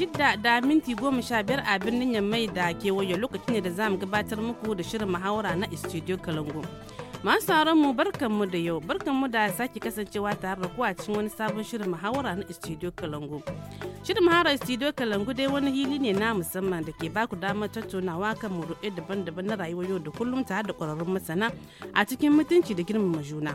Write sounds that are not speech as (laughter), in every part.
shida da minti goma sha biyar a birnin Yammai da kewaye lokacin da zamu gabatar muku da shirin muhawara na Studio Kalangu. Masu mu mu da yau mu da sake kasancewa tare da ku a cikin wani sabon shirin muhawara na Studio Kalangu. Shirin muhawara Studio Kalangu dai wani hili ne na musamman da ke baku damar tattaunawa kan muru'e daban-daban na rayuwar yau da kullum tare da ƙwararrun masana a cikin mutunci da girmama juna.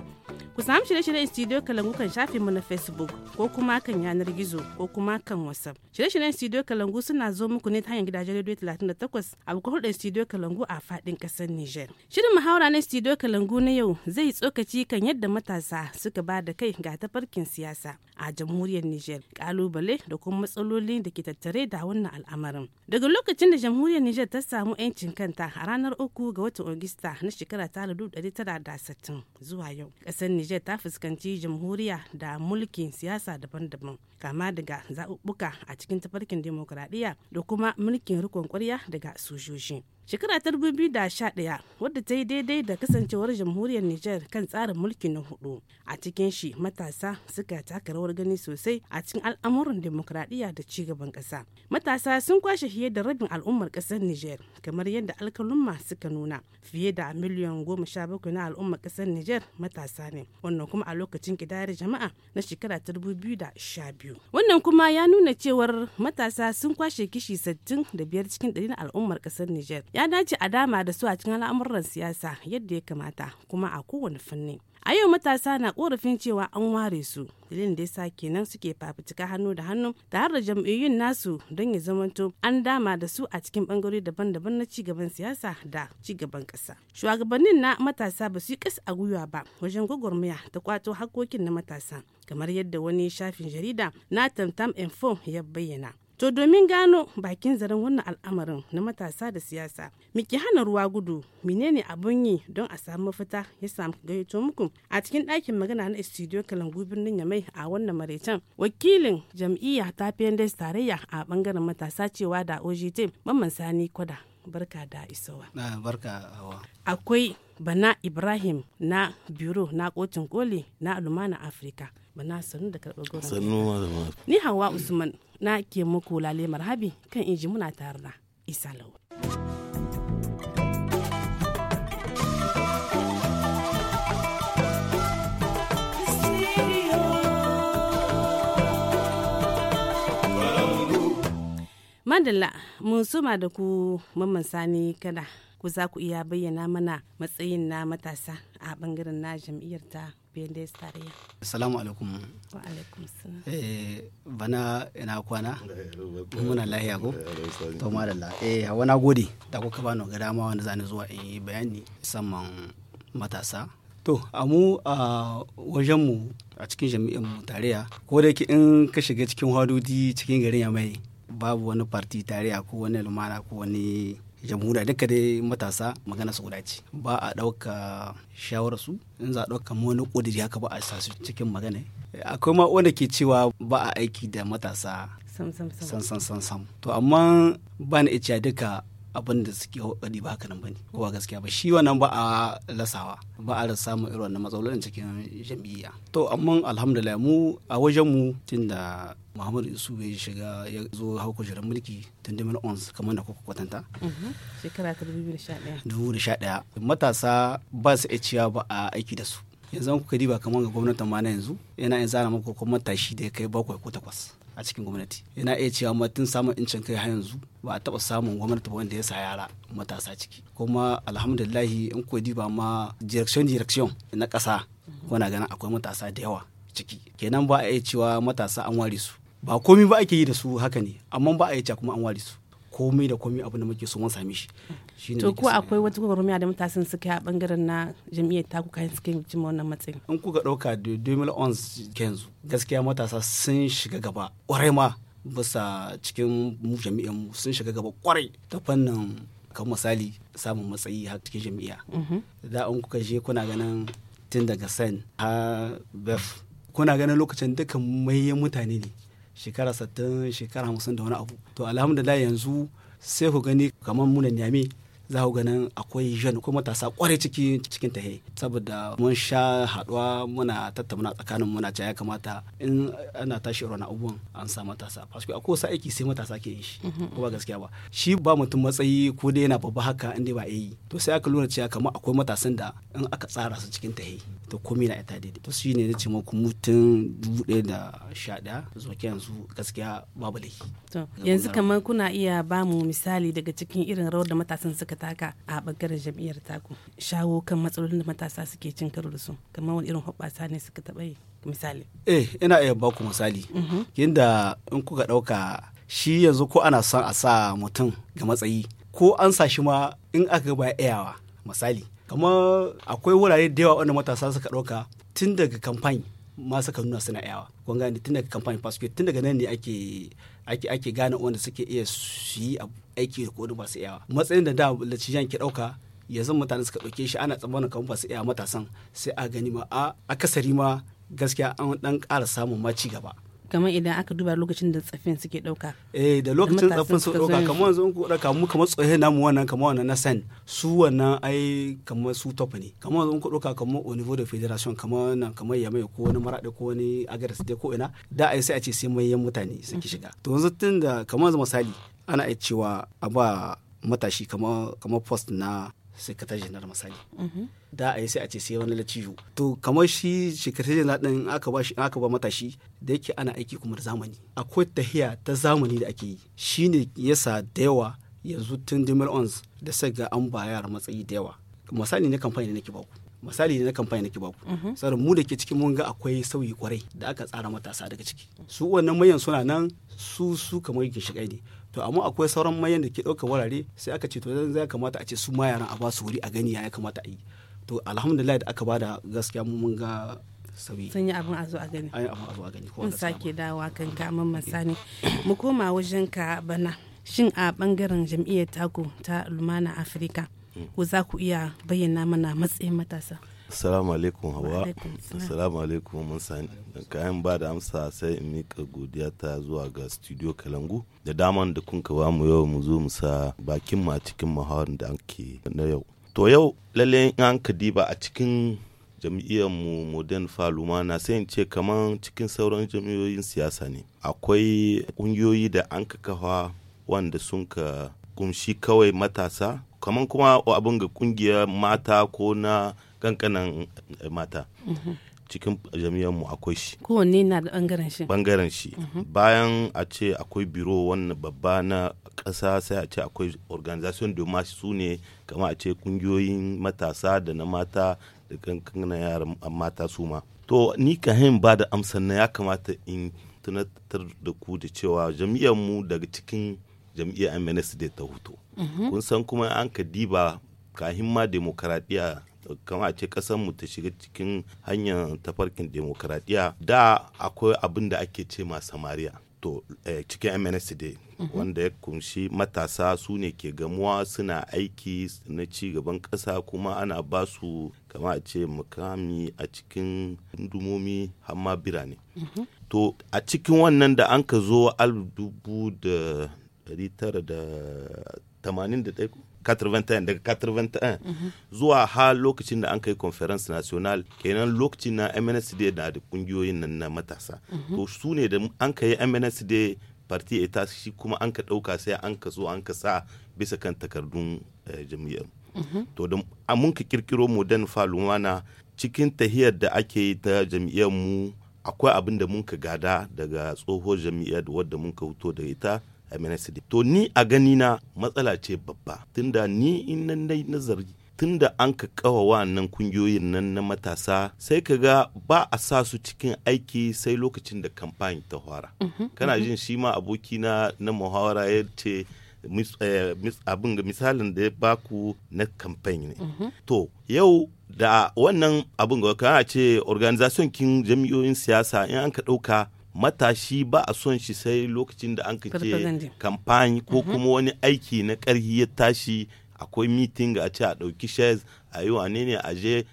Ku samu shirye-shiryen Studio Kalangu kan shafin mu na Facebook ko kuma kan yanar gizo ko kuma kan WhatsApp. Shirye-shiryen Studio Kalangu suna zo muku ne ta hanyar gidajen rediyo 38 a bukukuɗin Studio Kalangu a faɗin kasar Niger. Shirin muhawara na Studio Kalangu Kalangu na yau zai tsokaci kan yadda matasa suka ba da kai ga tafarkin siyasa a jamhuriyar Nijar, kalubale da kuma matsaloli da ke tattare da wannan al'amarin. Daga lokacin da jamhuriyar Nijar ta samu 'yancin kanta a ranar uku ga watan Agusta na shekara ta 1960 zuwa yau, ƙasar Nijar ta fuskanci jamhuriya da mulkin siyasa daban-daban, kama daga zaɓuɓɓuka a cikin tafarkin demokuraɗiyya da kuma mulkin riƙon ƙwarya daga sojoji. shekara ta 2011 wadda ta yi daidai da kasancewar jamhuriyar Nijar kan tsarin mulki na hudu a cikin shi matasa suka taka rawar gani sosai a cikin al'amuran demokradiyya da cigaban kasa matasa sun kwashe fiye da rabin al'ummar kasar Nijar kamar yadda alkalumma suka nuna fiye da miliyan goma sha bakwai na al'ummar ƙasar Nijar matasa ne wannan kuma a lokacin kidayar jama'a na shekara ta 2012 wannan kuma ya nuna cewar matasa sun kwashe kishi biyar cikin ɗari na al'ummar kasar Nijar ya dace a dama da su a cikin al'amuran siyasa yadda ya kamata kuma a kowane fanni a yau matasa na korafin cewa an ware su dalilin da yasa kenan suke fafutuka hannu da hannu tare da jam'iyyun nasu don ya zamanto an dama da su a cikin bangarori daban-daban na ci gaban siyasa da ci gaban ƙasa shugabannin na matasa ba su yi kasa a gwiwa ba wajen gwagwarmaya ta kwato hakokin na matasa kamar yadda wani shafin jarida na tamtam info ya bayyana To domin gano bakin zaren wannan al'amarin na matasa da siyasa, miki hana ruwa gudu, menene abun yi don a samu mafita ya samu gayyato muku a cikin ɗakin magana na studio Kalangu birnin Yamai a wannan maraicen. Wakilin jam'iyya ta PNDS tarayya a bangaren matasa cewa da OGT Mamman Sani Kwada. Barka da isowa. Barka Akwai Bana Ibrahim na Biro na Kotun Koli na Lumana Afirka. bana sannu da karɓar goron sannu ni hawa usman na ke muku lale marhabi kan inji muna tare da isa lau madalla mun suma da ku mamman sani kada ku za ku iya bayyana mana matsayin na matasa a bangaren na jam'iyyar ta Bendes Tarayya. Assalamu alaikum. Wa alaikum Eh bana ina kwana. Eh, muna lahiya ko? Eh, to madalla. Eh hawa na gode da kuka bani ga dama wanda zan zuwa in yi bayani musamman matasa. To a mu a wajen mu a cikin jami'in mu tarayya ko da in ka shiga cikin hadodi cikin garin ya mai babu wani farti tarayya ko wani lumana ko wani jamhuriya duka dai matasa magana su guda ce ba a ɗauka shawarar su in za a ɗauka wani ƙudiri haka ba a sasu cikin magana akwai ma wanda ke cewa ba a aiki da matasa sam sam sam to amma ba na duka abin da suke kokari ba haka nan bane ko ba gaskiya ba shi wannan ba a lasawa ba a rasa mu irin wannan matsalolin cikin jam'iyya to amma alhamdulillah mu a wajen mu tunda Muhammadu Isu ya shiga ya zo hau kujerar mulki tun 2011 kamar da kuka kwatanta. Mhm. Shekara ta 2011. Matasa ba su iya ciya ba a aiki da su. Yanzu kuka diba kamar ga gwamnatin ma na yanzu yana yin zana maka kuma matashi da ya kai bakwai ko takwas. a cikin gwamnati yana iya cewa ma tun samun incin kai har yanzu ba a taɓa samun gwamnati ba wanda ya sa yara matasa ciki kuma alhamdulillahi in ko diba ma direction direction na ƙasa wana ganin akwai matasa da yawa ciki kenan ba a iya cewa matasa an ware su ba komi ba ake yi da su haka ne amma ba a iya cewa kuma an ware su komai da komai abin da muke so mun same shi to ko akwai wata gwagwarmaya da matasan su kai a bangaren na jami'ar taku kayan suka yi jima wannan matsayin in kuka dauka 2011 kenzu gaskiya matasa sun shiga gaba kwarai ma bisa cikin mu jami'an mu sun shiga gaba kwarai ta fannin kan misali samun matsayi har cikin jami'a mhm. da in kuka je kuna ganin tun daga sen ha bef kuna ganin lokacin dukan mai mutane ne shekara sattin shekara hamsin da wani abu to alhamdulillah yanzu sai ku gani kamar munan nyame za ku ganin akwai jeune ko matasa kware ciki cikin ta saboda mun sha haduwa muna tattauna tsakanin muna ya kamata in ana tashi ran abubuwan an sa matasa parce akwai wasu aiki sai matasa ke yin shi ko ba gaskiya ba shi ba mutum matsayi ko dai yana babba haka inda ba yi to sai aka lura cewa kamar akwai matasan da in aka tsara su cikin ta to komai na ita daidai to shi ne na ce muku mutum dubu ɗaya da sha ɗaya zuwa yanzu gaskiya babu laifi yanzu kamar kuna iya ba mu misali daga cikin irin rawar da matasan suka kuka taka a bangaren jam'iyyar taku shawo kan matsalolin da matasa suke cin karo da su kamar wani irin hoɓɓasa ne suka taɓa yi misali eh ina iya baku misali mhm. yadda in kuka ɗauka shi yanzu ko ana son a sa mutum ga matsayi ko an sa shi ma in aka ba iyawa misali kamar akwai wurare da yawa wanda matasa suka ɗauka tun daga kamfani masu kanuna suna yawa kun gane tun daga kamfanin passport tun daga nan ne ake ake gane wanda suke iya su yi aiki da kodin masu yawa matsayin da da latijan ke dauka yanzu mutane suka dauke shi ana tsammanin kamfanin masu yawa matasan sai a gani ma a akasari ma gaskiya an dan kara samun ma ci gaba kamar idan aka duba lokacin da tsaffin suke ɗauka. Eh da lokacin tsaffin suke ɗauka kamar yanzu ku ɗauka mu kamar tsohe namu wannan kamar wannan na san su wannan ai kamar su top ne kamar yanzu ku ɗauka kamar au niveau de federation kamar wannan kamar yamai ko wani maraɗe ko wani agaris dai ko ina da ai sai a ce sai manyan mutane suke shiga. To yanzu tun da kamar yanzu misali ana iya cewa a ba matashi kamar kamar post na sekretar janar misali mhm. da a yi sai a ce sai wani latijo to kamar shi sekretar janar din aka ba aka matashi da yake ana aiki kuma da zamani akwai tahiya ta zamani da ake yi Shi shine yasa da yawa yanzu tun ons da sai ga an bayar matsayi da yawa misali ne kamfani da nake baku misali ne na kamfani nake baku mhm. saboda mu da ke cikin mun ga akwai sauyi kwarai da aka tsara matasa daga ciki su wannan mayan suna nan su su kamar shiga ne to amma akwai sauran mayan da ke ɗaukar wurare sai aka ce to zan zai kamata a ce su ma yaran a ba su wuri a gani ya kamata a yi to alhamdulillah da aka ba da gaskiya mun ga sauyi sun yi abin a a gani an yi abin a a gani sake dawa kan kamar masani mu koma wajen ka bana shin a bangaren jam'iyyar taku ta lumana afirka ku za ku iya bayyana mana matsayin matasa assalamu alaikum hawa assalamu alaikum mun sani kayan ba da amsa sai in mika godiya ta zuwa ga studio kalangu da daman da kun kawo mu yau mu zo mu sa bakin ma cikin muhawarin da ke. na yau to yau lalle in an diba a cikin jam'iyyar mu modern faluma na sai in ce kaman cikin sauran jam'iyyoyin siyasa ne akwai ƙungiyoyi da an kawa wanda sun ka kumshi kawai matasa kamar kuma abin ga kungiyar mata ko na kankanan eh, mata cikin mu akwai shi kowanne na da bangaren shi bangaren shi mhm. bayan a ce akwai biro wannan babba na ƙasa sai a ce akwai organization doma su ne kama a ce kungiyoyin matasa da na mata da kankanan yaran mata su ma to ni ka ba da amsan na ya kamata in tunatar da ku da cewa mu daga cikin jam'iyyar da ta hutu. Kun san kuma an ka diba kahin ma demokaradiyya kama ce kasan mu ta shiga cikin hanyar tafarkin demokaradiyya da akwai abin da ake ce ma samariya to eh, cikin MNSD wanda ya kunshi matasa su ne ke gamuwa suna aiki na ci gaban ƙasa kuma ana ba su kama ce mukami a cikin dumomi hamma birane to a cikin wannan da an ka zo dubu 1981 daga 81 zuwa ha lokacin da an kai conference national kenan lokacin na MNSD na da kungiyoyin nan na matasa to su ne da an kai MNSD party ita shi kuma an ka ɗauka sai an ka zo an ka sa bisa kan takardun eh, jam'iyyar to da mun ka kirkiro modern falumana cikin tahiyar da ake yi ta jam'iyyar mu akwai abin da mun ka gada daga tsohon jam'iyyar wadda mun ka huto da ita MNSD. To ni a gani na matsala ce babba tunda ni in nan nazari tunda an ka kawa wannan kungiyoyin nan na matasa sai ka ga ba a sa su cikin aiki sai lokacin da kamfani ta fara mhm, kana mhm. jin shi ma aboki na na muhawara ya ce eh, abin ga misalin da ya baku na kamfani ne mhm. to yau da wannan abin ga kana ce organization kin jami'oyin siyasa in an ka ɗauka matashi ba a son shi sai lokacin da an ce kamfani ko mhm. kuma wani aiki na ƙarhi ya tashi akwai meeting a ce a ɗauki shares a yi wane ne a je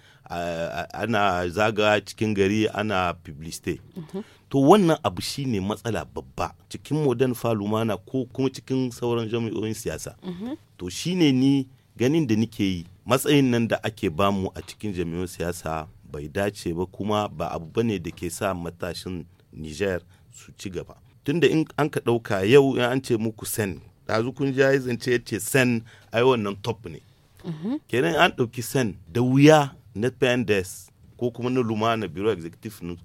ana zaga cikin gari ana publicity mhm. to wannan abu shi ne matsala babba cikin modern falumana ko kuma cikin sauran jami'oyin siyasa mhm. to shi ne ni ganin da nike yi matsayin nan da ake bamu a cikin jami'oyin siyasa bai dace ba kuma ba abu bane da ke sa matashin niger su ci gaba tunda in an ka ɗauka yau in an ce muku sen ɗazu kun ja zance ya ce sen ai wannan top ne mhm. kenan an ɗauki sen da wuya na pendes ko kuma na lumana bureau executive news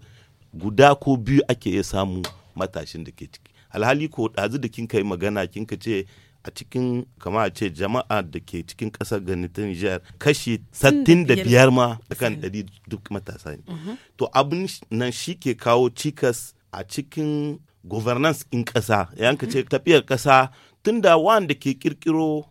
guda ko biyu ake iya samu matashin da ke ciki alhali ko ɗazu da kinka yi magana kinka ce a cikin kama ce jama'a da ke cikin kasar gani ta Nijar kashi 65 ma kan 100 duk matasa ne. Mhm. To abin nan shi ke kawo cikas a cikin governance in ƙasa yanka ce mm. tafiyar ƙasa tunda wanda ke kirkiro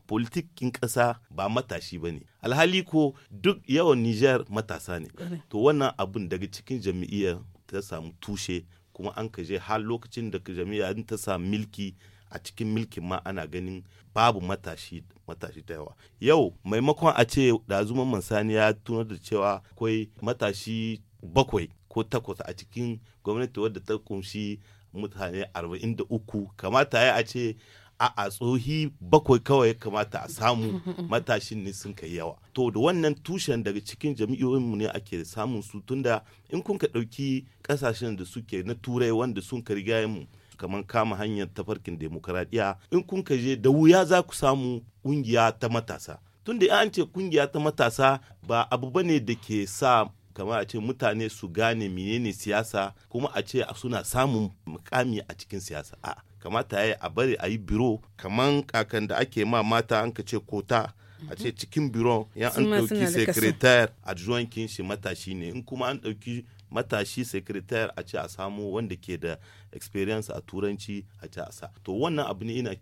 in ƙasa ba matashi ba ne alhali ko duk yawan nijar matasa ne to wannan abun daga cikin jami'iyyar ta samu tushe kuma an kaje har lokacin da jami'a ta samu milki a cikin milkin ma ana ganin babu matashi matashi da yawa yau maimakon a ce da zuman mansani ya tunar da cewa akwai matashi bakwai ko takwas a cikin gwamnati wadda ta kunshi mutane 43 kamata ya a ce a tsohi bakwai kawai kamata a samu (laughs) matashin ne sun kai yawa to da wannan tushen daga cikin jami'o'inmu ne ake samun su tunda in kun ka ɗauki ƙasashen da suke na turai wanda sun ka mu kamar kama hanyar tafarkin demokuraɗiya in kun ka je da wuya za ku samu kungiya ta matasa tunda an ce kungiya ta matasa ba abu ba ne da ke sa kamar a ce mutane su gane menene siyasa kuma a ce suna samun mukami a cikin siyasa a kamata ya a bari a yi biro kamar kakan da ake ma mata an ka ce kota a ce mhm. cikin biro ya an ɗauki secretary adjoint kinshi matashi ne in kuma an ɗauki matashi secretary a ce a samu wanda ke da experience a turanci a ce a sa to wannan abu ne ina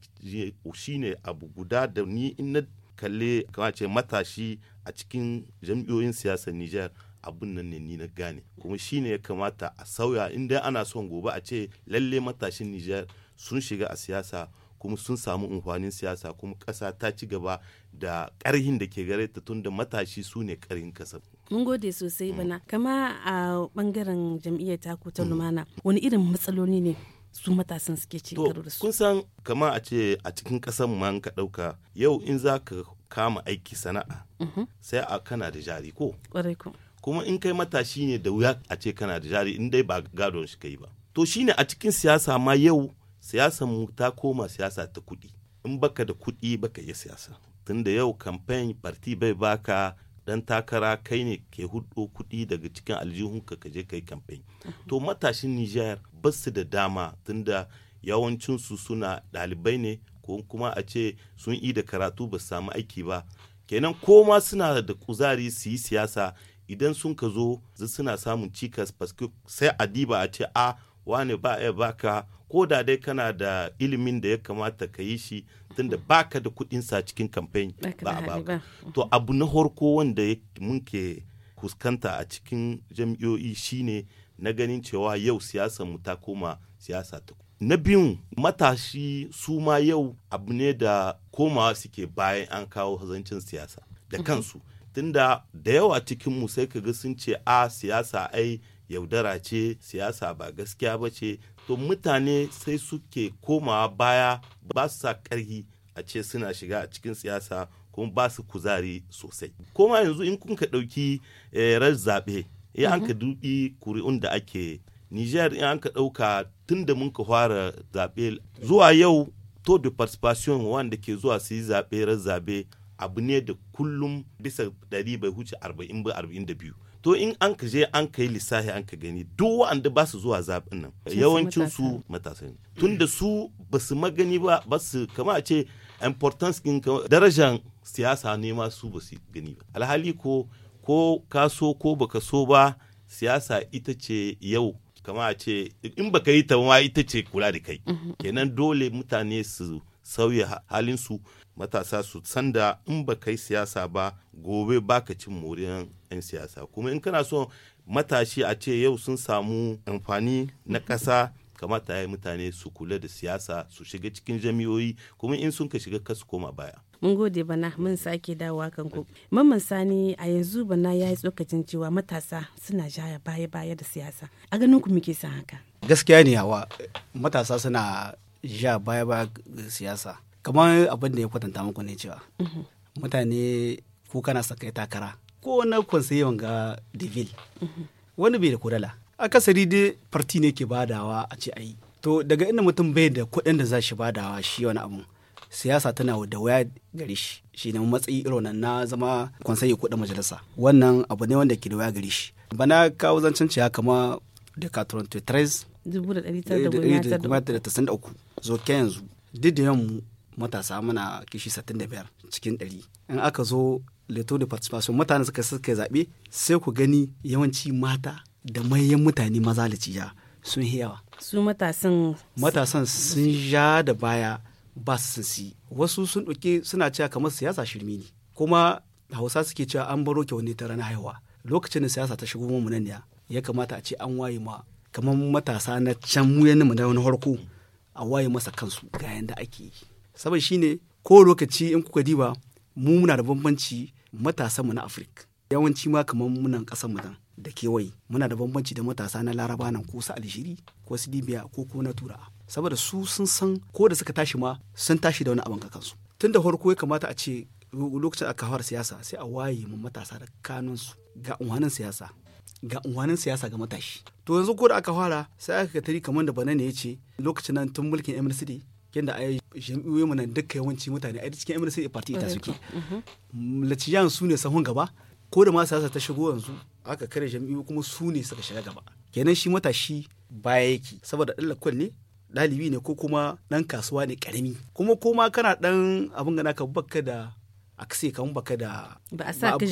ne abu guda da ni ina kalle kama ce matashi a cikin jam'iyoyin siyasar Nijar abun nan ne ni na gane kuma shi ne ya kamata a sauya inda ana son gobe a ce lalle matashin Nijar sun shiga a siyasa kuma sun samu amfanin siyasa kuma kasa ta ci gaba da ƙarhin da ke gare ta tun matashi su ne ƙarhin ƙasar mun gode sosai mm. bana kama a bangaren jam'iyyar taku ta mm. lumana wani irin matsaloli ne su matasan suke ce da su kun san kama a ce a cikin kasan ma ka ɗauka yau in za ka kama aiki sana'a mm-hmm. sai a kana da jari ko kuma in kai matashi ne da wuya a ce kana da jari in dai ba gadon shi kai ba to shine a cikin siyasa ma yau siyasa mu ta koma siyasa ta kuɗi in baka da kuɗi baka yi siyasa tunda yau kamfen parti bai baka dan takara kai ne ke hudu kuɗi daga cikin aljihunka ka je kai kamfen to matashin nijar ba su da dama tunda yawancin su suna ɗalibai ne ko kuma a ce sun yi da karatu ba samu aiki ba kenan koma suna da kuzari su yi siyasa idan sun ka zo suna samun cikas sai adiba a ce a ah, wani ba ya baka ko da dai kana da ilimin da ya kamata ka yi shi tunda baka da kuɗin sa cikin kamfen ba a baka to abu na horko wanda mun ke fuskanta a cikin jam'iyyoyi shine na ganin cewa yau siyasa mu ta koma siyasa ta na biyun matashi su ma yau abu ne da komawa suke bayan an kawo hazancin siyasa da mm-hmm. kansu tunda da yawa cikinmu sai ka ga sun ce a siyasa ai yaudara ce siyasa ba gaskiya ba ce to mutane sai suke komawa baya ba su sa karhi a ce suna shiga a cikin siyasa kuma ba su kuzari sosai koma yanzu in kun ka ɗauki eh, ran zaɓe in an ka mm-hmm. dubi kuri'un da ake nijar in an ka ɗauka tun da mun ka fara zaɓe zuwa yau to de participation wanda ke zuwa su yi zaɓe ran zaɓe abu ne da kullum bisa ɗari bai huce arba'in ba arba'in da biyu to in an ka je an ka yi lissafi an ka gani duk wa'anda ba su zuwa zaɓin nan yawancin su matasa ne tunda su ba su magani ba ba su kama a ce importance ɗin darajan siyasa ne ma su ba su gani alhali ko ko ka so ko baka so ba siyasa ita ce yau kama ce in baka yi ta ma ita ce kula da kai mhm. kenan dole mutane su sauya halin su. matasa su sanda in ba kai siyasa ba gobe baka cin moriyan 'yan siyasa kuma in kana so matashi a ce yau sun samu amfani na ƙasa kamata ya yi mutane su kula da siyasa su shiga cikin jami'oyi kuma in sun ka shiga kasu koma baya mun gode bana mun sake dawowa kan ku mamman sani a yanzu bana ya yi tsokacin cewa matasa suna jaya baya baya da siyasa a ganin ku muke san haka gaskiya ne yawa matasa suna ja baya baya siyasa kamar abin da ya kwatanta muku ne cewa mhm. mutane ko kana sakai takara ko na yawan ga devil mhm. wani bai da kudala akasari dai farti ne ke badawa a ce ayi to daga inda mutum bai da kuɗin da za shi badawa shi wani abun siyasa tana da waya gare shi shi ne matsayi irin na zama konsayi kuɗin majalisa wannan abu ne wanda ke da waya gare shi bana kawo zancen ciya kama da eh, katron 23 zo ke yanzu duk da yamma matasa muna kishi 65 cikin 100 in aka zo leto da participation mutane suka suka zaɓe sai ku gani yawanci mata da manyan mutane maza da ciya sun yawa su matasan matasan sun ja da baya ba su si wasu sun ɗauke suna cewa kamar siyasa shirme ne kuma hausa suke cewa an baro kyau ta ranar haihuwa lokacin da siyasa ta shigo mu nan ya kamata a ce an waye ma kamar matasa na can mu mu na wani harko a waye masa kansu ga yanda ake yi saboda shine ko lokaci in kuka diba mu muna da bambanci matasa mu na afirka yawanci ma kamar munan kasar mu da kewaye muna da bambanci da matasa na laraba nan ko su alshiri ko su libya ko ko na tura saboda su sun san ko da suka tashi ma sun tashi da wani abin kansu tun da farko ya kamata a ce lokacin aka fara siyasa sai a waye mu matasa da kanunsu ga unwanin siyasa ga unwanin siyasa ga matashi to yanzu ko da aka fara sai aka tari kamar da bana ne ya ce lokacin nan tun mulkin MLCD yanda ai jam'iyyoyin mu nan dukkan yawanci mutane ai cikin MNC party ita suke mm-hmm. laciyan su ne sahun gaba ko da ma siyasa ta shigo yanzu aka kare jami'u kuma su ne suka shiga gaba kenan shi matashi baya yake saboda dan lakwal ne ɗalibi ne ko kuma ɗan kasuwa ne ƙarami kuma ko kana ɗan abin gana ka baka da akse kan baka da ba a sa ka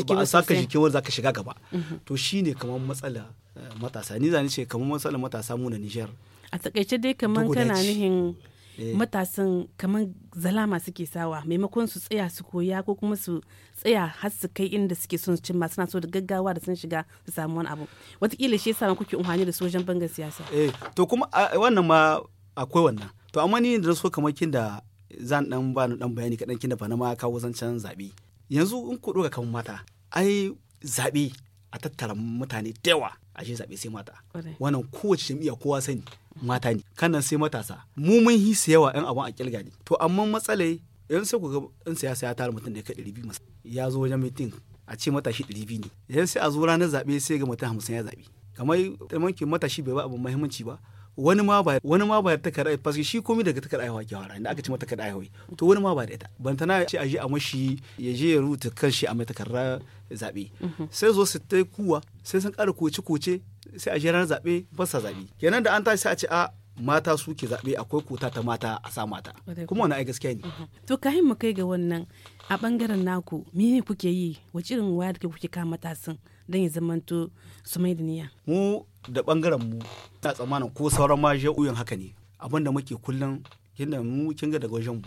jiki wanda zaka shiga gaba mm-hmm. to shine kamar matsala eh, matasa ni zan ce kamar matsala matasa mu na Niger a takaice dai kamar kana nihin Eh. matasan kamar zalama suke sawa maimakon su tsaya su koya ko kuma su tsaya har su kai inda suke son su cimma suna so da gaggawa da sun shiga su samu wani abu wataƙila shi yasa kuke umarni da sojan bangar siyasa eh to kuma wannan ma akwai wannan to amma ni da so kamar kin da zan dan ba ni dan bayani kadan kin da ba na ma kawo can zabe yanzu in ku doka kan mata ai zaɓe a tattara mutane da yawa a zaɓe sai mata wannan kowace jam'iyya kowa sani mata ne kanan sai matasa mu mun hi yawa yan abun a kilga ne to amma matsalai yan sai ku ga yan siyasa ya tara mutum da kai ɗari biyu ya zo wajen mitin a ce matashi ɗari biyu ne yan sai a zo ranar zaɓe sai ga mutum hamsin ya zaɓe kamar mankin matashi bai ba abin muhimmanci ba wani ma ba wani ma ba da takarda paske shi komai daga takarda aiwa ke wara inda aka ce mata takarda aiwa to wani ma ba da ita ban tana ce aje a mashi ya je ya rubuta kanshi a mai takarda zabe mhm. sai zo su ta kuwa sai san ƙara koce koce sai a je zabe ba sa zabe kenan da an tashi sai a ce a mata suke zaɓe akwai kota ta mata a sa mata kuma wani ai gaskiya ne mhm. to kayan mu kai ga wannan a bangaren naku me kuke yi wace irin waya da kuke kama matasan don ya zamanto su mai da niyya. Mu da ɓangaren mu na tsammanin ko sauran ma ja'uyin haka ne abinda muke kullum yadda mu kin ga daga wajen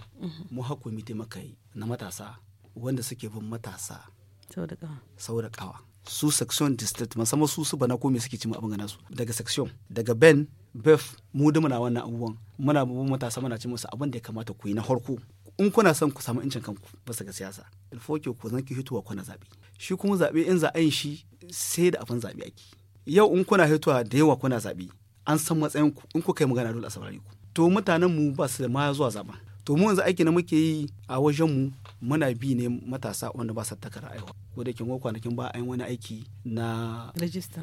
mu mhm. hakumi yi na matasa wanda suke bin matasa sau da kawa su section district musamman su su bana ko suke cima abin gana su daga section daga ben bef mu da muna wannan abubuwan muna mu matasa muna ce musu abin da ya kamata ku yi na farko in kuna son ku samu incin kanku su ga siyasa ilfoke ku zan ki hituwa kuna zabe shi kuma zabe in za a yin shi sai da abin zabe ake yau in kuna hituwa da yawa kuna zabe an san matsayin ku in ku kai magana dole a saurare ku to mutanen mu ba su da ma zuwa zaben to mu yanzu aiki na muke yi a wajen mu muna bi ne matasa wanda ba su takara aiwa ko da kin kwanakin ba an wani aiki na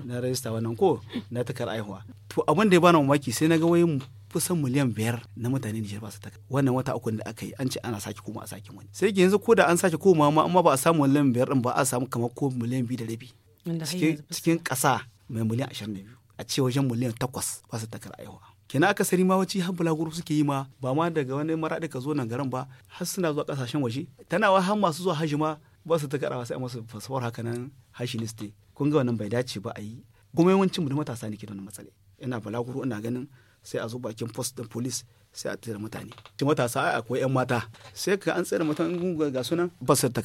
na rajista wannan ko na takara aiwa to abin da ya bani mamaki sai na ga wai kusan miliyan biyar na mutane Nijar ba su taka wannan wata uku da aka yi an ce ana sake koma a sake wani sai yanzu ko da an sake koma ma amma ba a samu miliyan biyar din ba a samu kamar ko miliyan biyu da rabi cikin ƙasa mai miliyan ashirin da biyu a ce wajen miliyan takwas ba su takar aiwa kenan sani ma wacce har bulaguro suke yi ma ba ma daga wani maraɗi ka zo nan garin ba har suna zuwa ƙasashen waje tana wa har masu zuwa hajji ma ba su ta karawa sai masu fasawar haka nan hashi kun ga wannan bai dace ba a yi kuma yawancin mu da matasa ne ke da matsala ina bulaguro ina ganin sai a zo bakin post din police sai a tsira mutane ci matasa ai akwai yan mata sai ka an tsira mata ga sunan ba su ta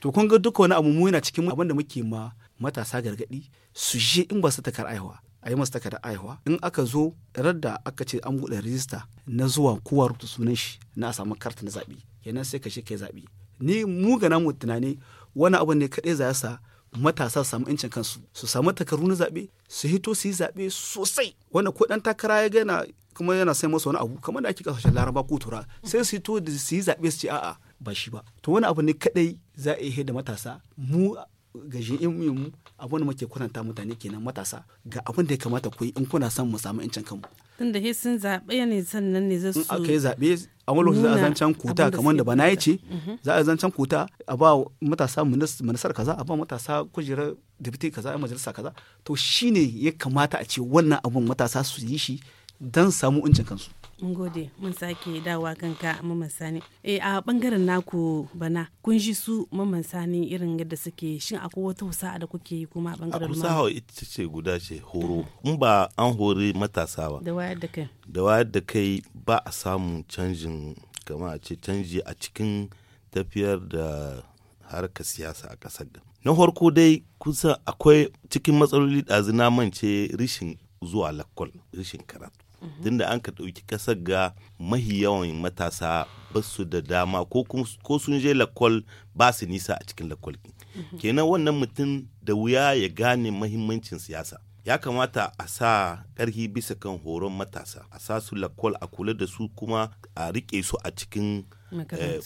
to kun ga duka wani abu mu yana cikin abin da muke ma matasa gargadi su je in ba su ta aiwa a yi masa takardar aihuwa in aka zo radda aka ce an buɗe rijista na zuwa kowa rubuta sunan shi na a samu karta na zaɓe kenan sai ka shi zaɓe ni mu ga namu tunani wani abu ne kaɗai za sa matasa su samu incin kansu su samu takaru na zaɓe su hito su yi zaɓe sosai wanda ko ɗan takara ya gana kuma yana sai masa wani abu kamar da ake kasashen laraba ko tura sai su hito da su yi zaɓe su ce a'a ba shi ba to wani abu ne kaɗai za a iya da matasa mu ga mu abin da muke kwananta mutane kenan matasa ga abin da ya kamata ku yi in kuna son mu samu incin kanmu tunda he sun zaɓe ne sannan ne zai su aka yi zaɓe a wani lokaci za a zancen kuta kamar da bana ya ce za a zancen kuta a ba matasa manasar kaza a ba matasa kujerar dibiti kaza a majalisa kaza to shine ya kamata a ce wannan abun matasa su yi shi don samu incin kansu mun gode mun sake dawa kanka mamman sani e a bangaren naku bana kun ji su mamman sani irin yadda suke shin akwai wata husa'a da kuke yi kuma a bangaren a husa'a ita ce guda ce horo mun ba an hori matasa ba da wayar da kai da wayar da kai ba a samun canjin kama a ce canji a cikin tafiyar da harkar siyasa a da na farko dai kusa akwai cikin matsaloli na mance rishin zuwa lakwal rishin karatu tunda an ka ɗauki kasar ga mahi yawan matasa ba su da dama ko sun je lakol ba su nisa a cikin lakol mhm. kenan wannan mutum da wuya ya gane mahimmancin siyasa ya kamata a sa ƙarfi bisa kan horon matasa a sa su lakol a kula da su kuma a riƙe su a cikin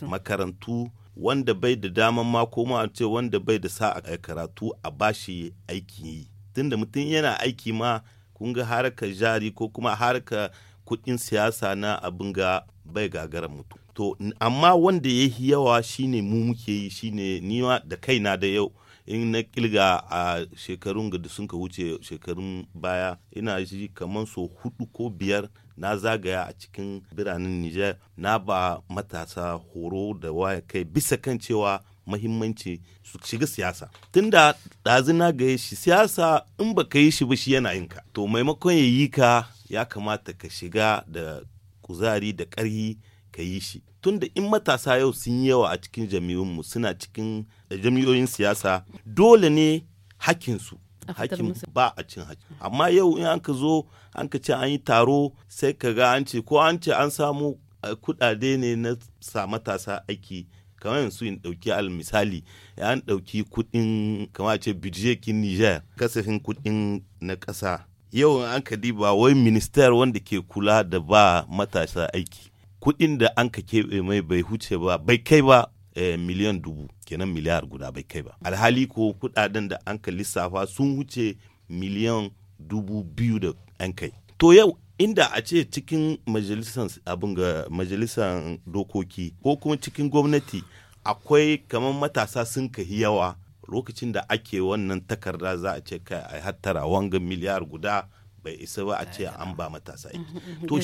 makarantu eh, wanda bai da dama ma ko ma ce wanda bai da sa a karatu a bashi aiki yi tunda mutum yana aiki ma kun ga harkar jari ko kuma harkar kuɗin siyasa na abin ga bai gagara mutu. to amma wanda ya yi yawa shine mu muke yi shine niwa da kaina da yau in na kilga a shekarun da sun ka wuce shekarun baya ina ji kamar so hudu ko biyar na zagaya a cikin biranen Nijar na ba matasa horo da waya kai bisa kan cewa mahimmanci su shiga siyasa tunda ɗazu na shi siyasa in ba ka yi shi ba shi yana yin ka to maimakon ya yi ka ya kamata ka shiga da kuzari da ƙarhi ka yi shi tunda in matasa yau sun yawa a cikin jami'unmu suna cikin eh, jami'oyin siyasa dole ne hakinsu hakin ba a cin haki. amma yau in an ka zo an ka ce an yi taro sai ka ga an ce ko an ce an samu eh, kudade ne na sa matasa aiki kamar yanzu in ɗauki al misali an ɗauki kuɗin kamar ce ki niger kasafin kuɗin na ƙasa yau an ka diba wai minister wanda ke kula da ba matasa aiki kuɗin da an ka keɓe mai bai huce ba bai kai ba eh, miliyan dubu kenan miliyar guda bai kai ba alhali ko kuɗaɗen da an ka lissafa sun huce miliyan dubu biyu da an kai to yau inda a ce cikin majalisar dokoki ko kuma cikin gwamnati akwai kamar matasa sun kahi yawa lokacin da ake wannan takarda za a ce kai a hattara wangan miliyar guda bai isa ba a ce an ba matasa (laughs) to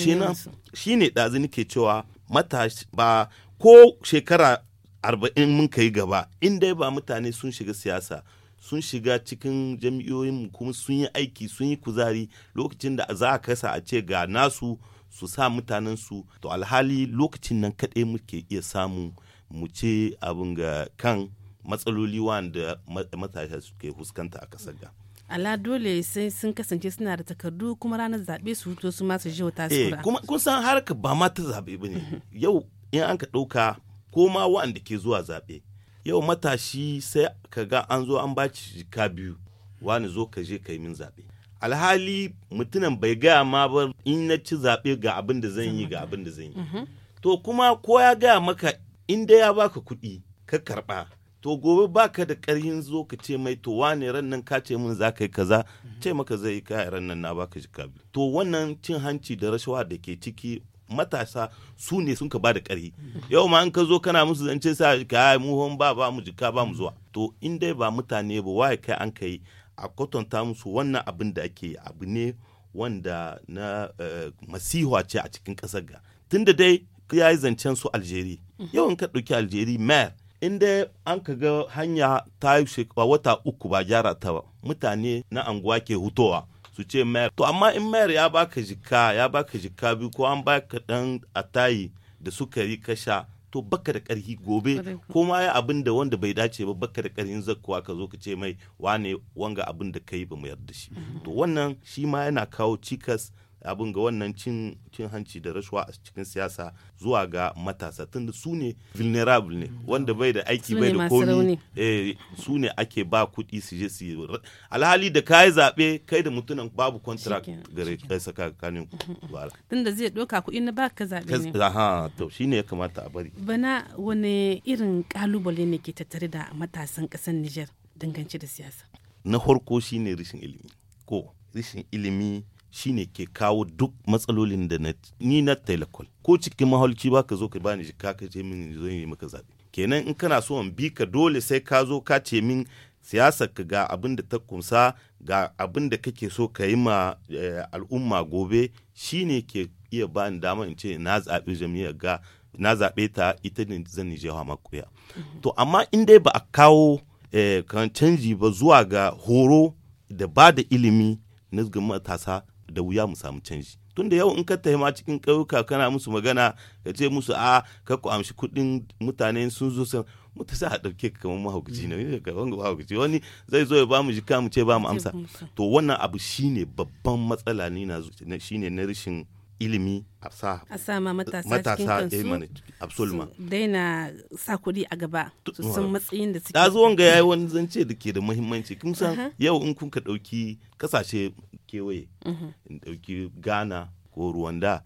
shi ne ɗazu nake cewa matashi ba ko shekara arba'in mun kai gaba in dai ba mutane sun shiga siyasa sun shiga cikin jami'oyin kuma sun yi aiki sun yi kuzari lokacin da za a kasa a ce ga nasu su sa mutanen su to alhali lokacin nan kaɗai muke iya samu mu ce abin ga kan matsaloli wanda matasa suke fuskanta a kasar ga. ala dole sai sun kasance suna da takardu kuma ranar zaɓe su to su masu jiwa ta eh, kuma kun san harka ba ma ta zaɓe ba (laughs) yau in an ka ɗauka ko ma wa'anda ke zuwa zaɓe yau matashi sai ka ga an zo an baci jika biyu wani zo ka je ka yi min zaɓe alhali mutumin bai gaya ma ba in na ci zaɓe ga abin da zan yi ga abin da zan yi mm-hmm. to kuma ko ya gaya maka inda ya baka kuɗi ka karɓa to gobe baka da ƙarhin zo ka ce mai to wane ran nan ka ce min za ka yi kaza mm-hmm. ce maka zai yi ka ran nan na baka jika biyu to wannan cin hanci da rashawa da ke ciki matasa su ne sun ka ba da ƙari yau ma in ka zo kana musu zance sa ka yi hon ba ba mu jika ba mu zuwa to in dai ba mutane ba waye kai an kai a kwatanta musu wannan abin da ake abu ne wanda na eh, masihuwa ce a cikin ƙasar ga tunda dai ya yi zancen su aljeri yau in ka ɗauki aljeri mayor in dai an ka ga hanya ta wata uku ba gyara ta ba mutane na anguwa ke hutowa su ce mayar to amma in mayar ya baka jika ya baka jika biyu ko an baka dan atayi da sukari ka sha to baka da karhi gobe ko ma ya abin da wanda bai dace ba baka da karhin zakkuwa ka zo ka ce mai wane wanga abin da kai ba mu yarda shi mhm. to wannan shi ma yana kawo cikas abin ga wannan cin cin hanci da rashuwa a cikin siyasa zuwa ga matasa tunda su ne vulnerable ne wanda bai da aiki bai da komi eh, su ne ake ba kudi su je su alhali da kai zabe kai da mutunan babu contract gare kai saka kanin wala mm-hmm, mm-hmm. tunda zai doka kudi na ka zabe ne aha to shine ya kamata a bari bana wani irin kalubale ne ke tattare da matasan ƙasar Niger dangance da siyasa na farko shine rashin ilimi ko rashin ilimi shine ke kawo duk matsalolin da ni na telecol ko cikin maholci ba ka zo ka bani jika ka ce min zo yi maka zaɓe kenan in kana so in bi ka dole sai ka zo ka ce min siyasar ka ga abin da ta kumsa ga abin da kake so ka yi ma eh, al'umma gobe shine ke iya bani dama in ce na zaɓe jam'iyyar ga na zaɓe ta ita ne zan nije ma makoya mhm. to amma in dai ba a kawo eh, kan canji ba zuwa ga horo da ba da ilimi na matasa da wuya mu samu canji tunda yau in ka taima cikin ƙauyuka kana musu magana ka ce musu a ah, ka ku amshi kuɗin mutane sun zo sun mutu sa a ɗauke ka kamar mahaukaci ne wani mahaukaci wani zai zo ya ba mu jika mu ce ba mu amsa to wannan abu shine babban matsala ne na shine na rashin ilimi a sa matasa mana absolutely daina sa kuɗi a gaba su matsayin da suke da ga yayi wani zance da ke da muhimmanci kun san yau in kun ka ɗauki kasashe kewaye mhm. in ɗauki ghana ko rwanda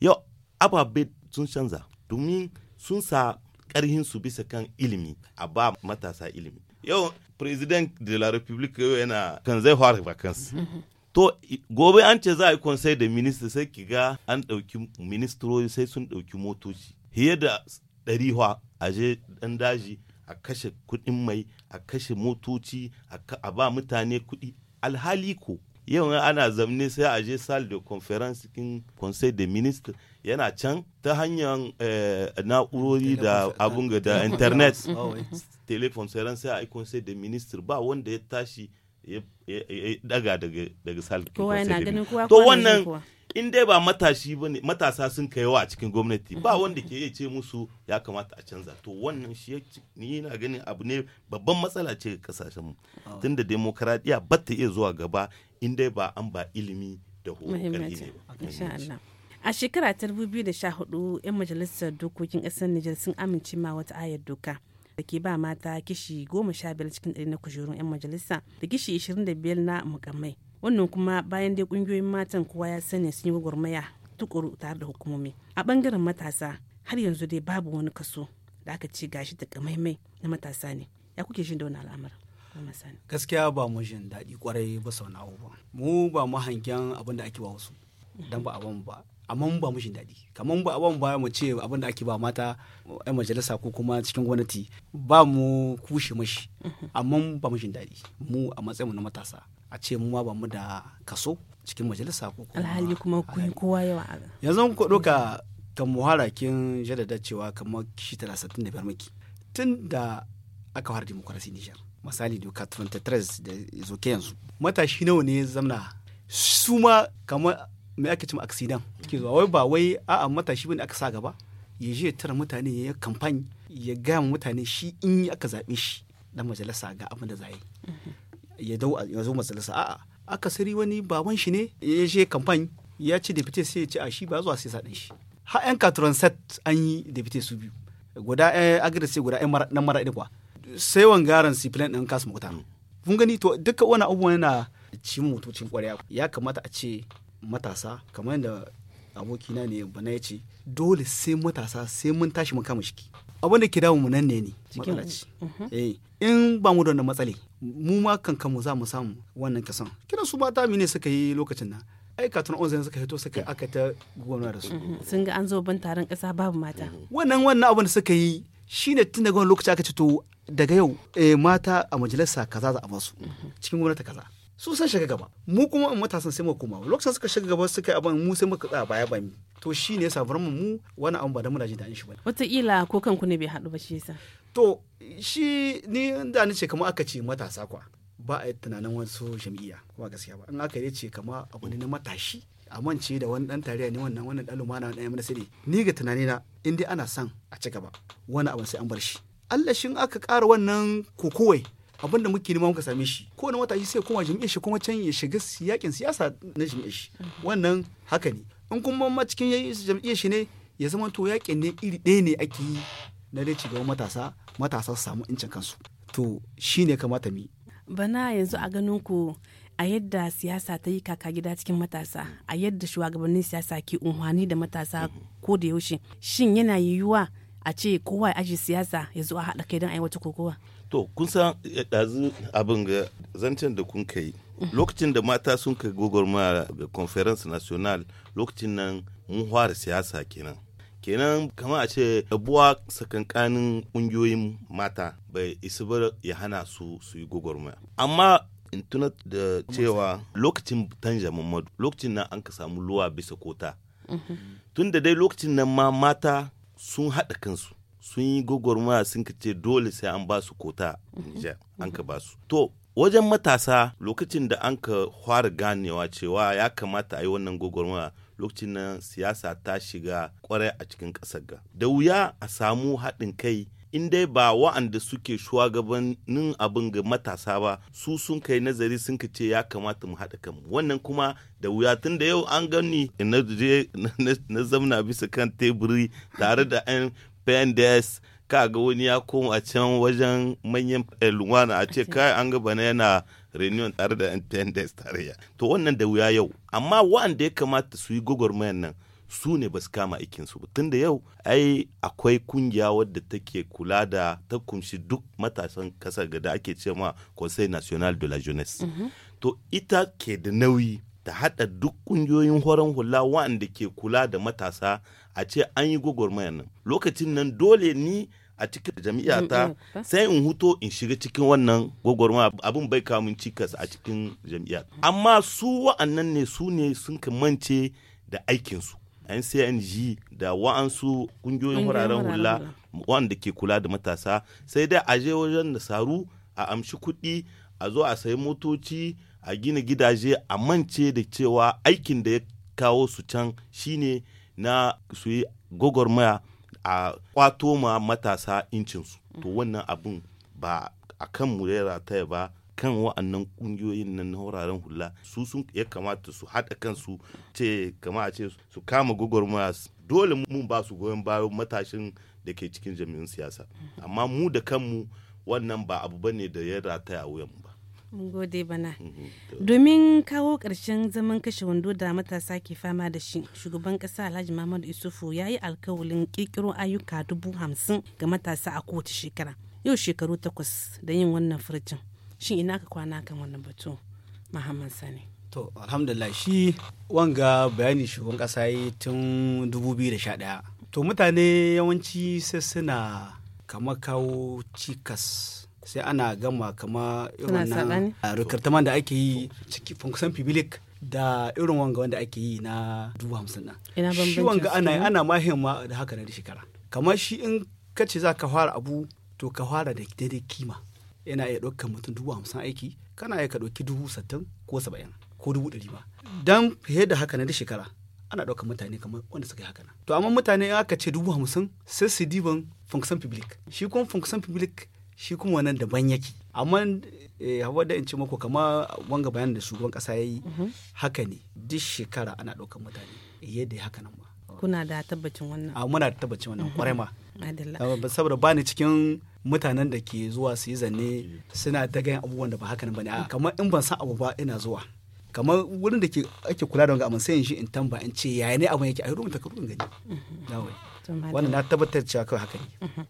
yau ababe sun canza domin sun sa ƙarhin su bisa kan ilimi a ba matasa ilimi yau president de la republique yana kan zai fara vacances mhm. to gobe an ce za a yi konsai da minista sai ki ga an ɗauki ministrori sai sun ɗauki motoci fiye da ɗari a je ɗan daji a kashe kuɗin mai a kashe motoci a ba mutane kuɗi alhali ko yau ana zamne sai a je sal de conference kin conseil de ministre yana can ta hanyar eh, na'urori da abun da internet teleconference sai a yi conseil de ministre ba wanda ya tashi ya daga daga to wannan in dai ba matashi bane matasa sun kai yawa a cikin gwamnati ba wanda ke ce musu ya kamata a canza to wannan shi ni na ganin abu ne babban matsala ce kasashen mu ah. tunda demokradiya ba ta iya zuwa gaba in dai ba an ba ilimi da a shekara ta 2014 'yan majalisar dokokin ƙasar Nijar sun amince ma wata ayar doka da ke ba mata kishi goma sha biyar cikin ɗari na kujerun 'yan majalisa da kishi ishirin da biyar na mukammai wannan kuma bayan dai ƙungiyoyin matan kowa ya sani sun yi gwagwarmaya tukuru tare da hukumomi a ɓangaren matasa har yanzu dai babu wani kaso da aka ce gashi da kamaimai na matasa ne ya kuke shi da wani al'amarin gaskiya ba mu jin daɗi kwarai ba sau ba mu ba mu hangen abin da ake ba wasu dan ba a ba amma mun ba mu shin daɗi kamar ba abin ba mu ce abin da ake ba mata yan majalisa ko kuma cikin gwamnati ba mu kushe mashi amma ba mu shin daɗi mu a matsayin mu na matasa a ce mu ma ba mu da kaso cikin majalisa ko kuma alhali kuma kowa yawa yanzu ku ɗauka kan muhara kin jaddada cewa kamar kishi talatin da biyar tun da aka fara demokarasi Nijar misali doka 23 da zo yanzu matashi nawa ne zamna su ma kamar me ake cin aksidan ke zuwa wai ba wai a'a matashi bane aka sa gaba ya je ya tara mutane ya yi kamfani ya gaya mutane shi in yi aka zaɓe shi dan majalisa ga abin da za yi ya dau a zo majalisa a'a aka sari wani baban shi ne ya je kamfani ya ci deputy sai ya ci a shi ba zuwa sai sa shi har yan katuran set an yi deputy su biyu guda yan agri sai guda yan nan mara kwa sai wangaran sifilan ɗin kasu mutane mm. kun gani to duka wani abubuwan yana ci mutuncin ƙwarya ya kamata a ce matasa kamar yadda abokina ne bana ya ce dole sai matasa sai mun tashi mun kama shiki abin da ke damu mu nan ne ne matsala mhm. eh, in ba mu da matsali. matsale mu ma kankanmu za mu samu wannan kasan kiran su mata ne suka yi lokacin nan ai katon onzen suka hito suka aka ta gona da su mhm, mhm. sun ga an zo ban taron kasa babu mata wannan wannan abin da suka yi shine tun daga wani lokaci aka ce to daga yau eh, mata a majalisa kaza za a basu cikin gwamnati kaza su sun shiga gaba mu kuma in matasan sai mu koma lokacin suka shiga gaba suka yi abin mu sai muka tsaya baya mu. to shi ne yasa mu wani abu ba da muna ji da shi ba wataƙila ko kanku ne bai haɗu ba shi yasa to shi ni da ni ce kamar aka ce matasa kwa ba a yi tunanin wasu jam'iyya kuma gaskiya ba in aka yi ce kamar abu ne na matashi a mance da wani dan tarayya ne wannan wannan dan lumana wannan MNC sani. ni ga tunani na in dai ana son a ci gaba wani abu sai an bar shi Allah shin aka ƙara wannan kokowai abin da muke nema muka same shi kowane matashi sai koma jami'a shi kuma can ya shiga yakin siyasa na jami'a shi wannan haka ne in kuma ma cikin jami'a shi ne ya zama to yakin ne iri ɗaya ne ake yi na dai cigaba matasa matasa su samu incin kansu to shine kamata mi bana yanzu a ganin ku a yadda siyasa ta yi kaka gida cikin matasa a yadda shugabannin siyasa ke unhwani da matasa ko da yaushe shin yana yiwuwa a ce kowa ya aji siyasa ya zo a haɗa kai don wata kokowa to kun san eh, ɗazu abin ga zancen da kun kai lokacin da mata sun kai ma ga conference national lokacin nan mun fara siyasa kenan kenan kama a ce buwa sakankanin ƙungiyoyin mata bai isa ba ya hana su su yi gogorma amma in tuna da cewa lokacin tanja mamadu lokacin nan an ka samu luwa bisa kota mhm. tun da dai lokacin nan ma mata sun haɗa kansu sun yi gwagwarmaya sun ce dole sai an ba su kota Nijar an ka ba su. To wajen matasa lokacin da an ka fara ganewa cewa ya kamata a yi wannan gwagwarmaya lokacin nan siyasa ta shiga kwarai a cikin ƙasar ga. Da wuya a samu haɗin kai in dai ba wa'anda suke shugabannin abin ga matasa ba su sun kai nazari sun ka ce ya kamata mu haɗa kanmu wannan kuma da wuya tun da yau an gani na zamna bisa kan teburi tare da 'yan pendes kaga wani ya komo a can wajen manyan Elwana a ce kai an gaba na yana reunion tare da pendes tarayya to wannan da wuya yau amma wanda ya kamata su yi gwagwarmayan nan su ne ba su kama su ba tunda yau ai akwai kungiya wadda take kula da ta kumshi duk matasan kasar da ake cewa ma conseil national de la jeunesse mhm. to ita ke da nauyi ta haɗa duk ƙungiyoyin horon hula wa'anda ke kula da matasa a ce an yi gwagwarmayar nan lokacin nan dole ni a cikin jami'a ta mm, mm, mm. sai in huto in shiga cikin wannan gwagwarmaya abin bai kamun cikas a cikin jami'a amma su wa'annan ne su ne sun kamance da aikinsu ncng da wa'ansu ƙungiyoyin wuraren hula wanda ke kula da matasa sai dai a je wajen nasaru a amshi kuɗi a zo a sayi motoci a gina gidaje a mance da cewa aikin da ya kawo su can shine na su yi gwagwarmaya a kwato ma matasa incinsu to wannan abin ba a kan murera ta ba kan wa'annan kungiyoyin nan na wuraren hula su sun ya kamata su haɗa kansu ce kama ce su kama gwagwarmaya dole mun ba su goyon bayan matashin da ke cikin jami'in siyasa amma mu da kanmu wannan ba abu bane da ya rataya wuyan mu gode bana mm, mm, domin kawo ƙarshen zaman kashe wando da matasa ke fama da shi shugaban ƙasa alhaji muhammadu isufu ya yi alkawalin ƙirƙiro ayyuka dubu hamsin ga matasa a kowace shekara yau shekaru takwas da yin wannan furcin shin ina ka kwana kan wannan batu muhammad sani to alhamdulillah shi wanga bayani shugaban ƙasa yi tun 2011 to mutane yawanci sai suna kama kawo cikas sai ana gama kama irin ah, rikartaman da ake yi ciki funkusan public da irin wanga wanda ake yi na dubu hamsin nan shi wanga ana ana mahimma da haka na shekara kamar shi in ka ce za ka fara abu to ka fara da daidai kima yana iya ɗaukar mutum dubu hamsin aiki kana iya ka ɗauki dubu sattin ko saba'in ko dubu ɗari ba dan fiye da haka na da shekara ana ɗaukar mutane kamar wanda suka yi haka to amma mutane in aka ce dubu hamsin sai su diban function public shi kuma function public shi kuma wannan daban yake amma eh, hawa da in ce muku kama wanga bayan da shugaban kasa ya yi mhm. haka ne duk shekara ana ɗaukar mutane iya da haka nan ba kuna da tabbacin wannan a muna da tabbacin wannan kwarai mhm. ma saboda ba ni cikin mutanen da ke zuwa su yi zanne suna ta ganin abubuwan da ba haka nan ba ne kamar in ban san abu ba ina zuwa kamar wurin da ake kula da wanga amma sai in shi in tamba in ce yaya ne abin yake a yi rubuta ka gani mhm. wannan na tabbatar cewa kawai haka ne (laughs)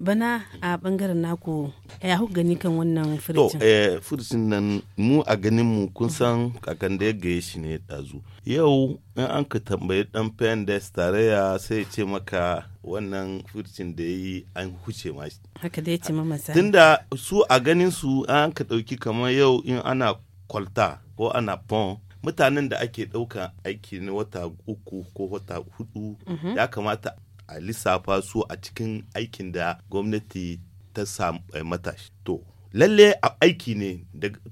bana a bangaren naku ya hu gani kan wannan furicin eh, nan mu a ganin mu kun san kakan da ya gaye shi ne dazu yau in an ka tambayi dan fayan da ya sai ya ce maka wannan furcin da ya yi an huce ma shi haka da ya ce mama sai tunda su a ganin su an ka dauki kamar yau in ana kwalta ko ana pon mutanen da ake ɗauka aiki na wata uku ko wata hudu mhm. ya kamata a lissafa su a cikin aikin da gwamnati ta samu eh, matashi to lalle aiki ne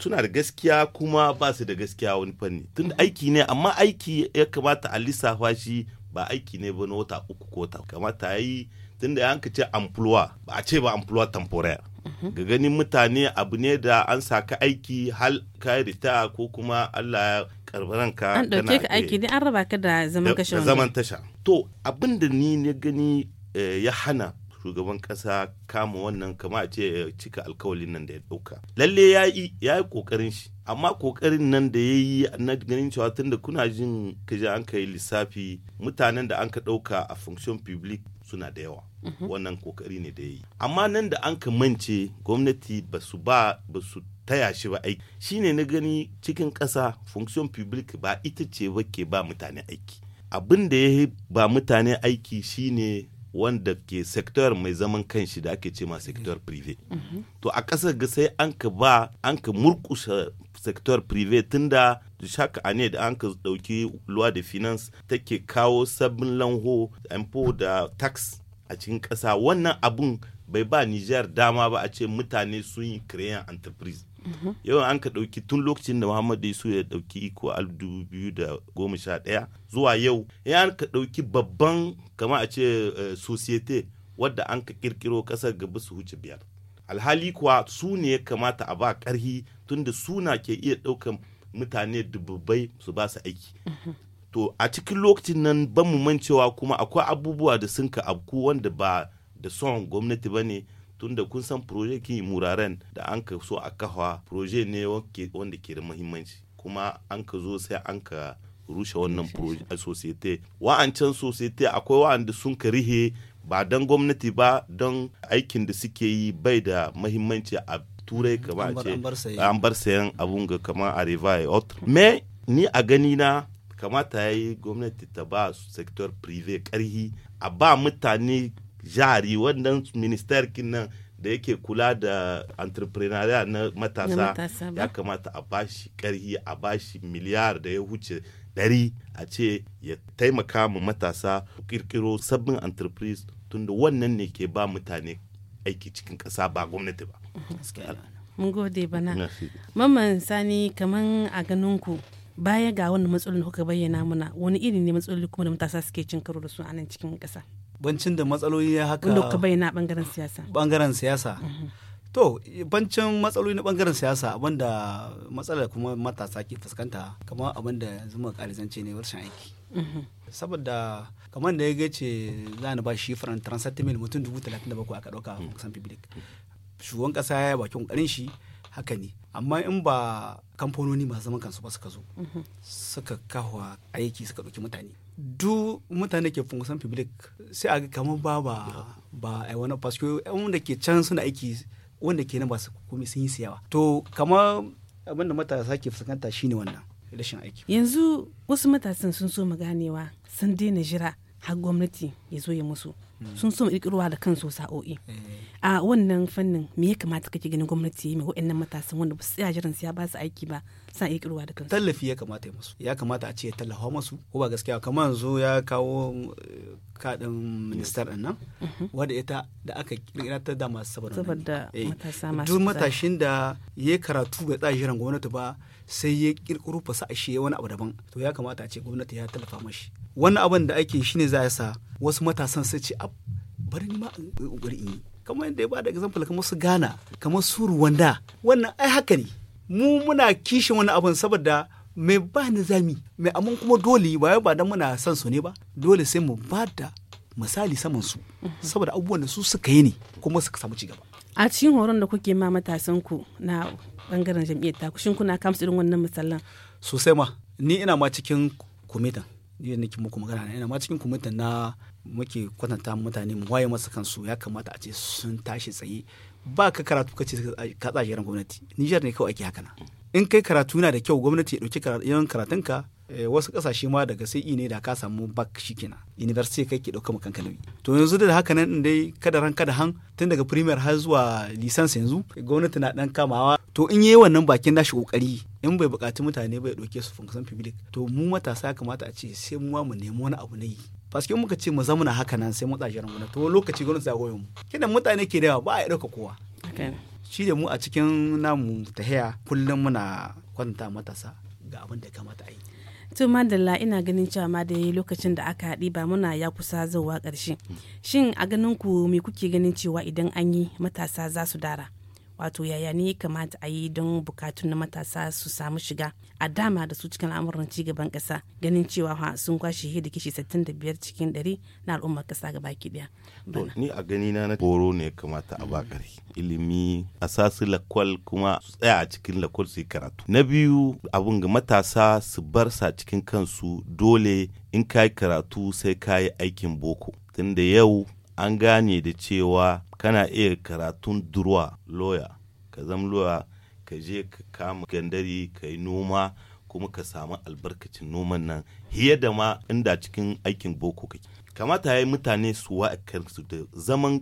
suna da gaskiya kuma ba su da gaskiya wani fanni tun mhm. aiki ne amma aiki ya kamata a lissafa shi ba aiki ne ba na wata uku ko ta kamata ya yi tun da yanka ce amfulwa ba a ce ba amfulwa temporaire mhm. ga ganin mutane abu ne da an sa ka aiki hal ka rita ko kuma allah ya ka. an dauke ka aiki ne eh, an raba ka da zaman zaman tasha to abin da ni na gani eh, ya hana shugaban kasa kama wannan kama a ce ya cika alkawalin nan da ya dauka lalle ya yi ya yi kokarin shi amma kokarin nan da ya yi na ganin cewa tun da kuna jin kaji an kai lissafi mutanen da an ka dauka a function public suna da yawa mhm. wannan kokari ne da ya yi amma nan da an ka mance gwamnati ba su ba ba su taya shi ba aiki shine na gani cikin kasa function public ba ita ce ba ke ba mutane aiki abin da ya ba mutane aiki shine wanda ke sektor mai zaman kanshi da ake ce ma sektor prive to a ƙasar ga sai an ka ba an ka murkusa sektor prive tunda shaka a ne da an ka ɗauki luwa da finance take kawo sabbin lanho empo da tax a cikin ƙasa wannan abun bai ba nijar dama ba a ce mutane sun yi creating entreprise yawan an ka ɗauki tun lokacin da muhammadu isu ya ɗauki iko alif dubu biyu da goma sha ɗaya zuwa yau ya an ka ɗauki babban kama a ce eh, societe wadda an ka ƙirƙiro ƙasar gaba su huce biyar alhali kuwa su ne ya kamata a ba ƙarhi tunda suna ke iya ɗaukan mutane dubbai su ba su aiki to a cikin lokacin nan ban mu mancewa kuma akwai abubuwa da sun ka abku wanda ba da son gwamnati ba ne tunda kun san proje ki muraren da an ka so a kafa proje ne wanda ke da muhimmanci kuma an ka zo sai an ka rushe wannan societe wa'ancan societe akwai wa'anda sun ka rihe ba don gwamnati ba don aikin da suke yi bai da mahimmanci a turai kama ce an bar sayan abun ga kama a rivaye me ni a gani na kamata ya yi gwamnati ta ba sektor prive karhi a ba mutane jari wannan minister kinan da yake kula da entrepreneurial na matasa ya kamata a bashi karhi a bashi miliyar da ya huce dari a ce ya taimaka ma matasa kirkiro sabbin entreprise tunda wannan ne ke ba mutane aiki cikin ƙasa ba gwamnati ba. Mun gode bana. Mamman sani kaman a ganinku baya ga wannan matsalolin kuka bayyana muna wani iri ne matsaloli kuma da matasa suke cin karo da su a nan cikin ƙasa. bancin da matsaloli ya haka wanda ka bayyana bangaren siyasa bangaren siyasa mm-hmm. to bancin matsaloli na bangaren siyasa abinda matsalar kuma matasa ke fuskanta kamar abinda zuma kalizance ne wurin aiki mm-hmm. saboda kamar da ya gace za ni ba shi faran transatlantic mutum dubu talatin da bakwai aka dauka kusan public shugaban kasa ya bakin kokarin shi haka ne amma in ba kamfanoni masu zaman kansu ba suka zo mm-hmm. suka kawo aiki suka ɗauki mutane du mutane ke fungusan public sai a kamar ba ba ba a wani parce wanda ke can suna aiki wanda ke nan ba su komai sun yi siyawa to kamar abin da matasa ke fuskanta ne wannan rashin aiki yanzu wasu matasan sun so maganewa sun daina jira har gwamnati ya zo ya musu hmm. sun so kirkirwa da kansu sa'o'i eh. a wannan fannin me ya kamata kake ganin gwamnati ya yi ma matasan wanda ba su tsaya jiran siya ba su aiki ba sa iya kirwa da kansu tallafi ya kamata ya musu ya kamata a ce ya tallafa musu ko ba gaskiya kamar yanzu ya kawo eh, kaɗin ministar ɗin nan mhm. wadda ita da aka ta da masu saboda saboda eh, matasa masu duk matashin da ya karatu bai tsaya shirin gwamnati ba sai ya kirkiro fasa a shi wani abu daban to ya kamata a ce gwamnati ya tallafa mashi wannan abin da ake ne za ya sa wasu matasan sai ce bari ni ma in yi kamar yadda ya ba da example kamar su Ghana kamar su Rwanda wannan ai haka ne mu muna kishin wani abun saboda mai ba nizami mai amma kuma dole ba ba dan muna son su ne ba dole sai mu ba da misali saman su saboda abubuwan da su suka yi ne kuma suka samu cigaba a cikin horon da kuke ma matasan ku na bangaren jam'iyyar ta shin kuna kamsu irin wannan misalan sosai ma ni ina ma cikin kumitan ni nake muku magana ina ma cikin kumitan na muke kwatanta mutane mu waye masa kansu ya kamata a ce sun tashi tsaye ba ka karatu ka ce ka tsaje ran gwamnati Nijar ne kawai ake haka na in kai karatu yana da kyau gwamnati ya dauki yawan ka. Eh, wasu kasashe ma daga sai ne da ka samu bak shikenan university kai ke dauka makan kalmi to yanzu da haka nan dai kada ran kada han tun daga premier har zuwa license yanzu gwamnati na dan kamawa to in yayi wannan bakin shi kokari in bai bukaci mutane bai dauke su function public to mu matasa ya kamata a ce sai mu ma mu nemi wani abu na yi paske muka ce mu zamuna haka nan sai mutsa jiran gwamnati to lokaci gwamnati ya goyon mu kidan mutane ke da ba a ɗauka kowa shi da mu a cikin namu ta haya kullum muna kwanta matasa ga abin da kamata a yi to madalla ina ganin cewa ma da lokacin da aka haɗi ba muna ya kusa zuwa ƙarshe shin a ganin ku me kuke ganin cewa idan an yi matasa za su dara wato yaya ne ya kamata a yi don bukatun na matasa su samu shiga a dama da su cikin al'amuran gaban kasa ganin cewa sun kwashe hiyar da kishi 65 cikin 100 na al'ummar kasa gaba ki daya. ni a gani na na horo ne ya kamata a bakari ilimi a sasu lakwal kuma su tsaya a cikin lakwal su yi karatu na biyu abun ga matasa su bar sa cikin kansu dole in ka karatu sai ka yi aikin boko tunda yau an gane da cewa kana iya karatun durwa loya ka zama loya ka je ka kama gandari ka yi noma kuma ka samu albarkacin noman nan hiye da ma inda cikin aikin boko kake kamata ya yi mutane su wa kansu da zaman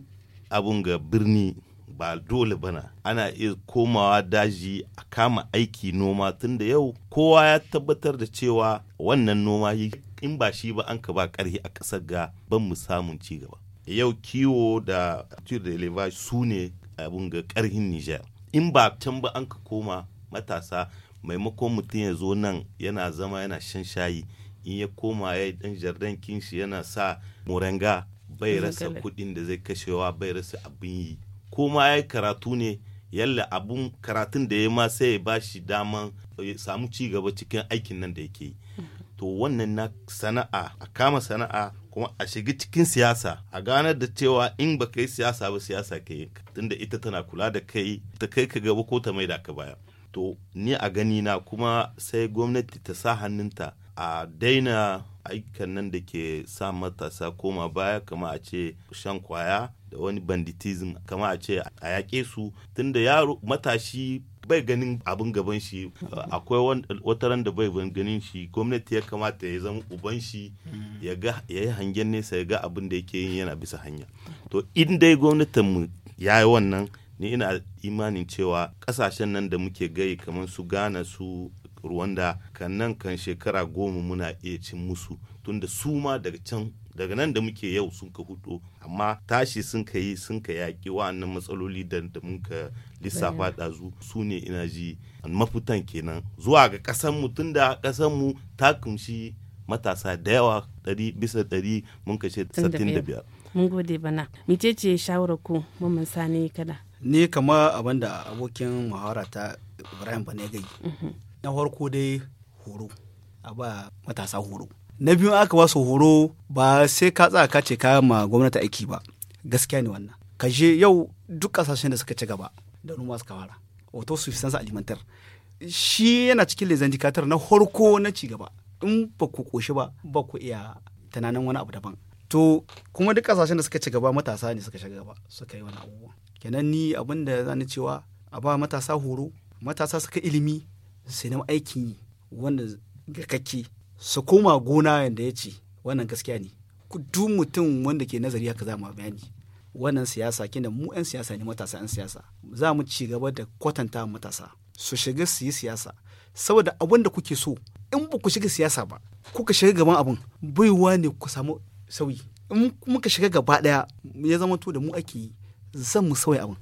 abun ga birni ba dole bana ana iya komawa daji a kama aiki noma tun da yau kowa ya tabbatar da cewa wannan noma in ba shi ba an ka ba karhi a ƙasar ga ban mu samun ci gaba yau kiwo da da elevage su ne abin ga karhin niger in ba can ba an ka koma matasa maimakon mutum ya zo nan yana zama yana shan shayi in ya koma ya dan jardan kinshi yana sa moranga bai rasa kudin da zai kashewa bai rasa abin yi Koma ya karatu ne yalla abun karatun da ya ma sai ya bashi daman ya samu ci gaba cikin aikin nan da yake yi mm-hmm. to wannan na sana'a a kama sana'a kuma a shiga cikin siyasa a ganar da cewa in ba kai siyasa ba siyasa ke yi tunda ita tana kula da kai ta kai ka gaba ko ta maida ka baya to ni a gani na kuma sai gwamnati ta sa hannunta a daina ayyukan nan da ke sa matasa koma baya kama a ce shan kwaya da wani banditism kama a ce a yaƙe su tunda yaro matashi bai ganin abin gaban shi eh, akwai wata ran da bai ganin shi gwamnati ya kamata ya zama uban shi hmm. ya yi hangen nesa ya ga abin da yake yin yana bisa hanya to in dai gwamnatinmu ya yi wannan ni ina imanin cewa kasashen nan da muke gai kamar su ghana su rwanda kan nan kan shekara goma muna iya cin musu tunda su ma daga can daga nan da muke yau sun ka hudu amma tashi sun ka yi sun ka yaƙi wa'annan matsaloli da mun ka lissafa ɗazu su ne ina ji mafutan kenan zuwa ga ƙasanmu tun da ƙasanmu ta kumshi matasa da yawa ɗari bisa ɗari mun ka ce biyar. mun gode bana mice ce shawarar ku mun sani kada ni kama abin da abokin muhawara ta ibrahim bane gai mhm. na farko dai horo a ba matasa horo na biyu aka ba su horo ba sai ka tsaka ka ce ka ma gwamnati aiki ba gaskiya ne wannan ka je yau duk kasashen da suka ci gaba da noma suka fara wato su fi sansa alimantar shi yana cikin lezan jikatar na horko na ci gaba in ba ku koshi ba ba ku iya tunanin wani abu daban to kuma duk kasashen da suka ci gaba matasa ne suka shiga gaba suka yi wani abubuwa kenan ni abin da zani cewa a ba matasa horo matasa suka ilimi sai na aikin yi wanda su koma gona yadda ya ce wannan gaskiya ne duk mutum wanda ke nazari haka za mu bayani wannan siyasa kina mu 'yan siyasa ne matasa 'yan siyasa za mu ci gaba da kwatanta matasa su shiga su yi siyasa saboda abin da kuke so in ba ku shiga siyasa ba kuka shiga gaban abin baiwa ne ku samu sauyi in muka shiga gaba daya ya zama to da mu ake yi zan mu sauya abin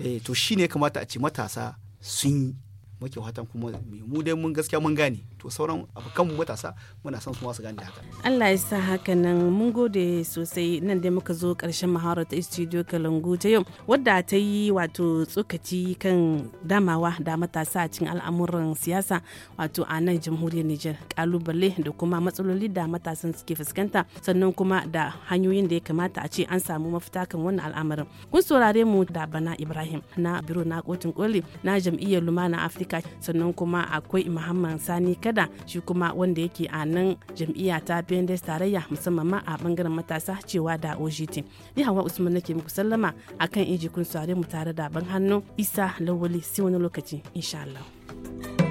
eh, to shine ya kamata a ce matasa sun yi muke fatan kuma mu dai mun gaskiya mun gane to sauran kan mu matasa muna son su ma su gane haka Allah ya sa haka nan mun gode sosai nan dai muka zo karshen muhawarar ta studio Kalangu ta yau wadda ta yi wato tsokaci kan damawa da matasa a cikin al'amuran siyasa wato a nan jamhuriyar Nijar kalubale da kuma matsaloli da matasan suke fuskanta sannan kuma da hanyoyin da ya kamata a ce an samu mafita kan wannan al'amarin kun saurare mu da bana Ibrahim na biro na kotun koli na jam'iyyar Lumana Afirka afirka sannan kuma akwai muhammad sani kada shi kuma wanda yake a nan jam'iyya ta Bendes tarayya musamman ma a bangaren matasa cewa da ogt ni hawa usman nake muku sallama akan inji sare mu tare da ban hannu isa lawali sai wani lokaci insha Allah.